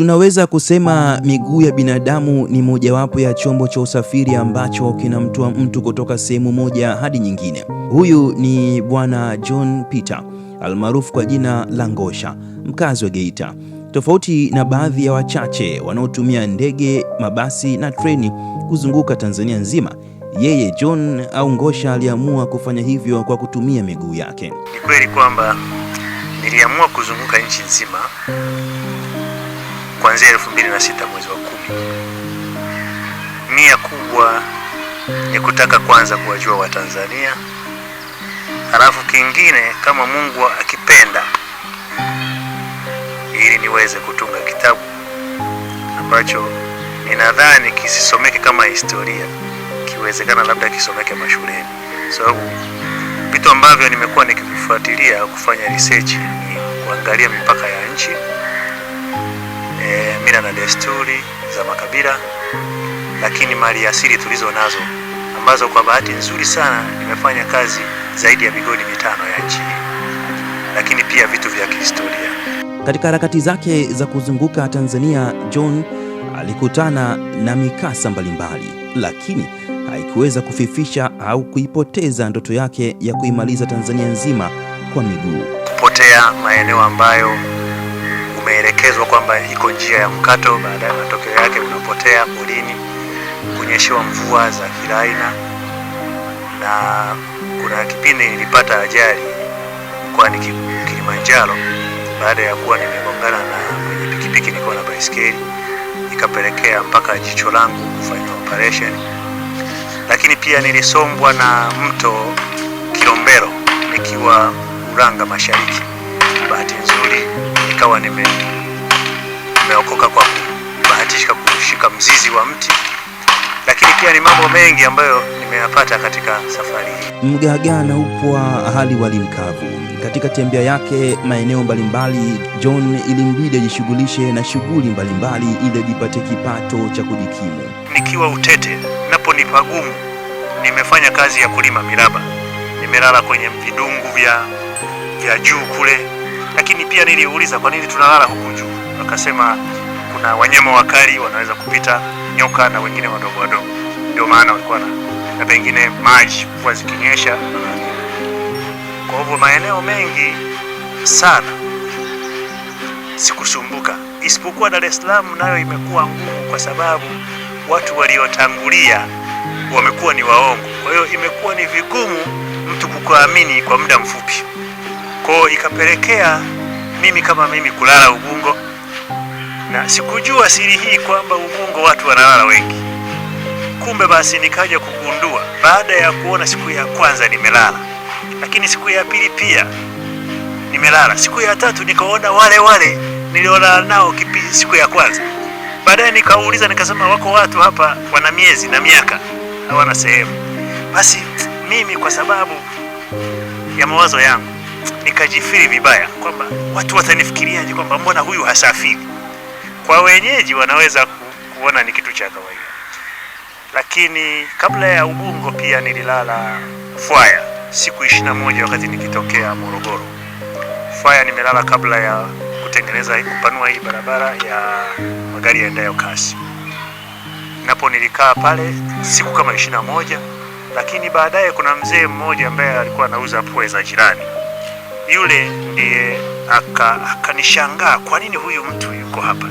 Tunaweza kusema miguu ya binadamu ni mojawapo ya chombo cha usafiri ambacho kinamtoa mtu kutoka sehemu moja hadi nyingine. Huyu ni Bwana John Peter almaarufu kwa jina la Ngosha, mkazi wa Geita. Tofauti na baadhi ya wachache wanaotumia ndege, mabasi na treni kuzunguka Tanzania nzima, yeye John au Ngosha aliamua kufanya hivyo kwa kutumia miguu yake. Ni kweli kwamba niliamua kuzunguka nchi nzima kuanzia elfu mbili na sita mwezi wa kumi. Nia kubwa ni kutaka kwanza kuwajua Watanzania, halafu kingine kama Mungu akipenda, ili niweze kutunga kitabu ambacho ninadhani kisisomeke kama historia, kiwezekana labda kisomeke mashuleni, sababu so, vitu ambavyo nimekuwa nikivifuatilia kufanya research ni kuangalia mipaka ya nchi na desturi za makabila, lakini mali asili tulizo nazo ambazo kwa bahati nzuri sana nimefanya kazi zaidi ya migodi mitano ya nchi, lakini pia vitu vya kihistoria. Katika harakati zake za kuzunguka Tanzania, John alikutana na mikasa mbalimbali mbali, lakini haikuweza kufifisha au kuipoteza ndoto yake ya kuimaliza Tanzania nzima kwa miguu. Kupotea maeneo ambayo umeelekezwa kwamba iko njia ya mkato, baada ya matokeo yake unapotea porini, kunyeshewa mvua za kila aina, na kuna kipindi nilipata ajali mkoani Kilimanjaro baada ya kuwa nimegongana na mwenye pikipiki niko na baisikeli, ikapelekea mpaka jicho langu kufanya operation. Lakini pia nilisombwa na mto Kilombero nikiwa Uranga Mashariki. Bahati nzuri nikawa nime nimeokoka kwa kubahatisha kushika mzizi wa mti, lakini pia ni mambo mengi ambayo nimeyapata katika safari hii. Mgagana na upwa hali walimkavu Katika tembea yake maeneo mbalimbali, John ilimbidi ajishughulishe na shughuli mbalimbali ili ajipate kipato cha kujikimu. Nikiwa Utete napo ni pagumu, nimefanya kazi ya kulima miraba, nimelala kwenye vidungu vya, vya juu kule lakini pia niliuliza kwa nini tunalala huku juu, wakasema kuna wanyama wakali wanaweza kupita, nyoka na wengine wadogo wadogo, ndio maana walikuwa na, na pengine maji mvua zikinyesha. Kwa hivyo maeneo mengi sana sikusumbuka, isipokuwa Dar es Salaam nayo imekuwa ngumu kwa sababu watu waliotangulia wamekuwa ni waongo, kwa hiyo imekuwa ni vigumu mtu kukuamini kwa muda mfupi. Kwao ikapelekea mimi kama mimi kulala Ubungo, na sikujua siri hii kwamba Ubungo watu wanalala wengi. Kumbe basi nikaja kugundua baada ya kuona siku ya kwanza nimelala, lakini siku ya pili pia nimelala, siku ya tatu nikaona wale wale niliona nao kipi siku ya kwanza. Baadaye nikauliza nikasema, wako watu hapa wana miezi na miaka hawana sehemu. Basi mimi kwa sababu ya mawazo yangu nikajifiri vibaya kwamba watu watanifikiriaje, kwamba mbona huyu hasafiri. Kwa wenyeji wanaweza kuona ni kitu cha kawaida, lakini kabla ya Ubungo pia nililala Fwaya siku ishirini na moja wakati nikitokea Morogoro. Fwaya nimelala kabla ya kutengeneza kupanua hii barabara ya magari yaendayo kasi, napo nilikaa pale siku kama ishirini na moja lakini baadaye kuna mzee mmoja ambaye alikuwa anauza pue za jirani yule ndiye akanishangaa aka, kwa nini huyu mtu yuko hapa,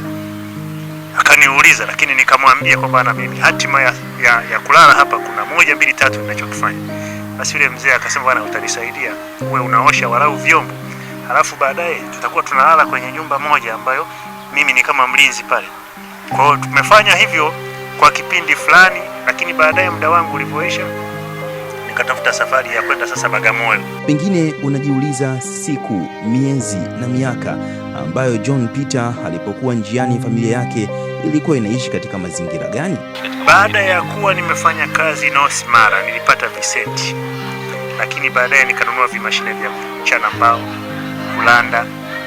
akaniuliza. Lakini nikamwambia kwamba na mimi hatima ya, ya, ya kulala hapa kuna moja mbili tatu ninachokifanya. Basi yule mzee akasema, bana utanisaidia uwe unaosha walau vyombo, halafu baadaye tutakuwa tunalala kwenye nyumba moja ambayo mimi ni kama mlinzi pale. Kwa tumefanya hivyo kwa kipindi fulani, lakini baadaye muda wangu ulivyoisha ukatafuta safari ya kwenda sasa Bagamoyo. Pengine unajiuliza siku, miezi na miaka ambayo John Peter alipokuwa njiani, familia yake ilikuwa inaishi katika mazingira gani? Baada ya kuwa nimefanya kazi mara nilipata visenti, lakini baadaye nikanunua vimashine vya kuchana mbao, kulanda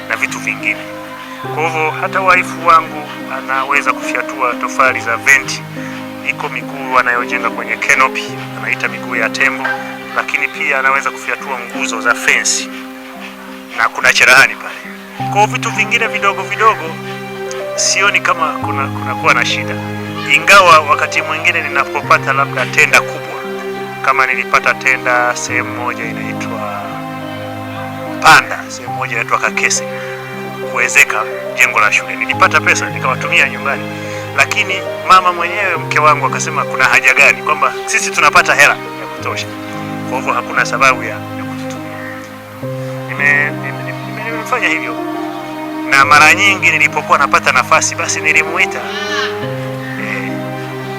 na vitu vingine. Kwa hivyo hata waifu wangu anaweza kufyatua tofali za venti iko miguu anayojenga kwenye canopy anaita miguu ya tembo, lakini pia anaweza kufyatua nguzo za fensi na kuna cherahani pale. Kwa vitu vingine vidogo vidogo sioni kama kuna kunakuwa na shida, ingawa wakati mwingine ninapopata labda tenda kubwa, kama nilipata tenda sehemu moja inaitwa Panda, sehemu moja inaitwa Kakese, kuwezeka jengo la shule, nilipata pesa nikawatumia nyumbani lakini mama mwenyewe mke wangu akasema kuna haja gani, kwamba sisi tunapata hela ya kutosha, kwa hivyo hakuna sababu ya kututumia. Nimefanya hivyo, na mara nyingi nilipokuwa napata nafasi, basi nilimuita. E,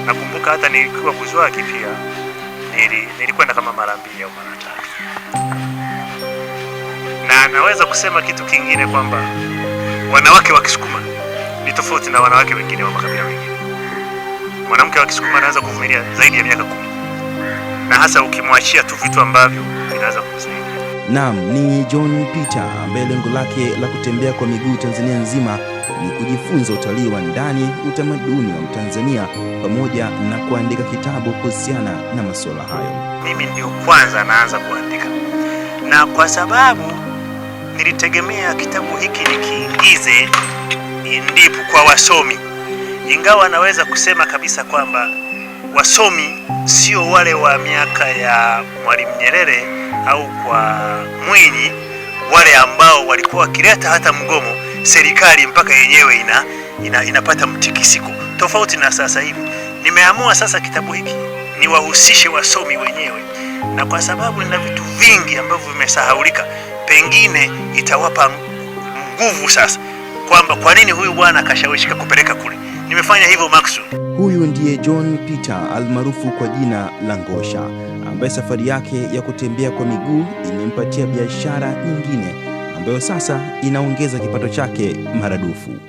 nakumbuka hata nilikuwa kuzwaki pia nili, nilikwenda kama mara mbili au mara tatu, na naweza kusema kitu kingine kwamba wanawake wa Kisukuma ni tofauti na wanawake wengine wa makabila mengine. Mwanamke wa Kisukuma anaweza kuvumilia zaidi ya miaka kumi, na hasa ukimwachia tu vitu ambavyo vinaweza kumsaidia. Naam, ni John Peter ambaye lengo lake la kutembea kwa miguu Tanzania nzima ni kujifunza utalii wa ndani, utamaduni wa Mtanzania pamoja na kuandika kitabu kuhusiana na masuala hayo. Mimi ndio kwanza naanza kuandika, na kwa sababu nilitegemea kitabu hiki nikiingize ndipu kwa wasomi, ingawa anaweza kusema kabisa kwamba wasomi sio wale wa miaka ya Mwalimu Nyerere au kwa Mwinyi, wale ambao walikuwa wakileta hata mgomo serikali mpaka yenyewe ina, ina, inapata mtikisiko, tofauti na sasa hivi. Nimeamua sasa kitabu hiki niwahusishe wasomi wenyewe, na kwa sababu nina vitu vingi ambavyo vimesahaulika, pengine itawapa nguvu sasa kwamba kwa nini huyu bwana akashawishika kupeleka kule. Nimefanya hivyo maksud Huyu ndiye John Peter almaarufu kwa jina la Ngosha, ambaye safari yake ya kutembea kwa miguu imempatia biashara nyingine ambayo sasa inaongeza kipato chake maradufu.